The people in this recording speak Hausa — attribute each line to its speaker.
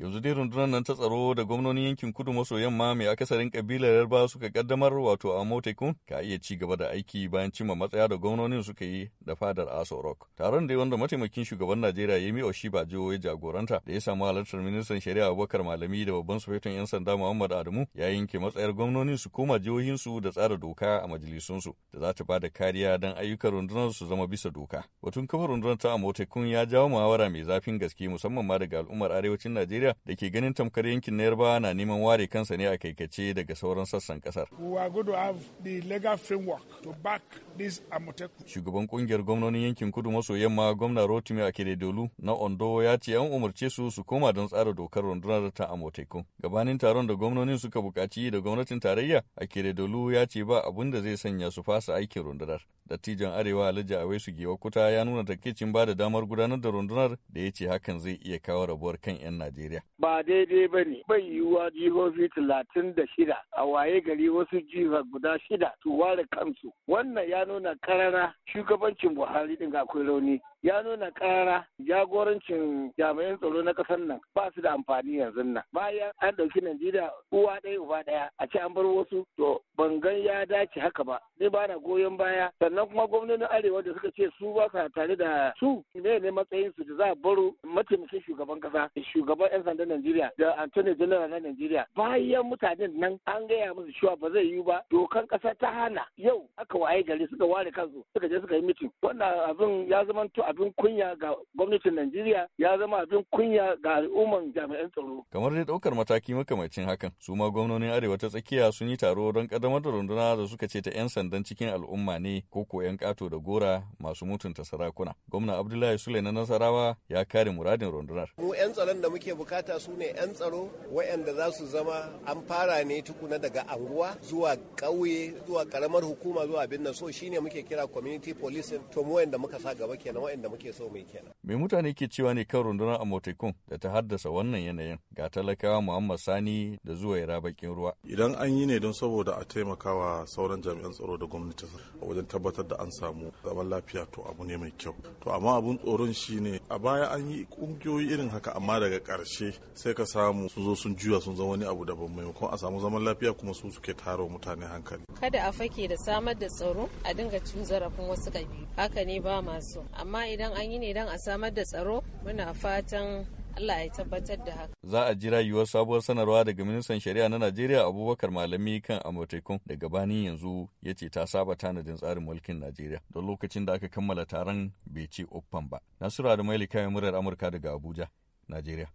Speaker 1: yanzu dai rundunar nan ta tsaro da gwamnonin yankin kudu maso yamma mai akasarin kabilar yarba suka kaddamar wato a motekun ka iya ci gaba da aiki bayan cimma matsaya da gwamnonin suka yi da fadar aso rock taron da wanda mataimakin shugaban najeriya ya yemi oshibajo ya jagoranta da ya samu halartar ministan shari'a abubakar malami da babban sufetin yan sanda muhammad adamu ya yanke matsayar gwamnonin su koma jihohinsu da tsara doka a majalisunsu da za ta ba da kariya don ayyukan rundunar su zama bisa doka batun kafa rundunar ta a motekun ya jawo muhawara mai zafin gaske musamman ma daga al'ummar arewacin najeriya Najeriya da ke ganin tamkar yankin na Yarbawa na neman ware kansa ne a kaikace daga sauran sassan kasar. Shugaban kungiyar gwamnonin yankin kudu maso yamma gwamna Rotimi Akeredolu na Ondo ya ce an umarce su su koma don tsara dokar rundunar ta Amoteku. Gabanin taron da gwamnonin suka buƙaci da gwamnatin tarayya Akeredolu ya ce ba abin da zai sanya su fasa aikin rundunar. dattijan arewa alhaji awaisu kuta ya nuna takaicin ba da damar gudanar da rundunar da ya ce hakan zai iya kawo rabuwar kan 'yan najeriya
Speaker 2: ba daidai ba ne bai yiwuwa jihohi talatin da shida a waye gari wasu jihar guda shida su ware kansu wannan ya nuna karara shugabancin buhari din akwai rauni ya nuna ƙara jagorancin jami'an tsaro na ƙasar nan ba su da amfani yanzu nan bayan an ɗauki najeriya uwa ɗaya uba ɗaya a ce an bar wasu to ban gan ya dace haka ba ni ba na goyon baya sannan kuma gwamnonin arewa da suka ce su ba sa tare da su ne ne matsayin su da za a baro mataimakin shugaban ƙasa. shugaban yan sandan najeriya da antony general na najeriya bayan mutanen nan an gaya musu cewa ba zai yiwu ba dokan kasa ta hana yau aka waye gari suka ware kansu suka je suka yi mitin wannan abin ya zama to abin kunya ga gwamnatin Najeriya ya zama abin kunya ga al'umman jami'an tsaro.
Speaker 1: Kamar dai ɗaukar mataki makamacin hakan, su ma gwamnonin Arewa ta tsakiya sun yi taro don kaddamar da runduna da suka ce ta 'yan sandan cikin al'umma ne ko ko 'yan ƙato da gora masu mutunta sarakuna. Gwamna Abdullahi Sule na Nasarawa ya kare muradin rundunar.
Speaker 2: Mu 'yan tsaron da muke bukata su ne 'yan tsaro waɗanda za su zama an fara ne tukuna daga anguwa zuwa ƙauye zuwa ƙaramar hukuma zuwa abin so shine muke kira community policing to mu waɗanda muka sa gaba kenan waɗanda muke so mu kenan
Speaker 1: Mai mutane ke cewa ne kan rundunar Amotekun da ta haddasa wannan yanayin ga talakawa Muhammad Sani da zuwa ya bakin ruwa. Idan an yi ne don saboda a
Speaker 2: taimakawa sauran jami'an tsaro da gwamnati wajen tabbatar da an samu zaman lafiya to abu ne mai kyau. To amma abun tsoron shi ne a baya an yi kungiyoyi irin haka amma daga ƙarshe sai ka samu sun zo sun juya sun zama wani abu da daban maimakon a samu zaman lafiya kuma su suke taro mutane hankali. Kada a fake da samar da tsaro a dinga cin zarafin wasu ƙabilu. Haka ne ba masu. Amma idan an yi ne don a samu samar da tsaro muna fatan Allah ya tabbatar da haka.
Speaker 1: Za a jira yiwuwar sabuwar sanarwa daga ministan shari'a na Najeriya Abubakar Malami kan Amurtaikun da gabanin yanzu ya ce ta saba tanadin tsarin mulkin Najeriya don lokacin da aka kammala taron bai ce uffan ba. nasiru da Maili kayan murar Amurka daga Abuja, Najeriya.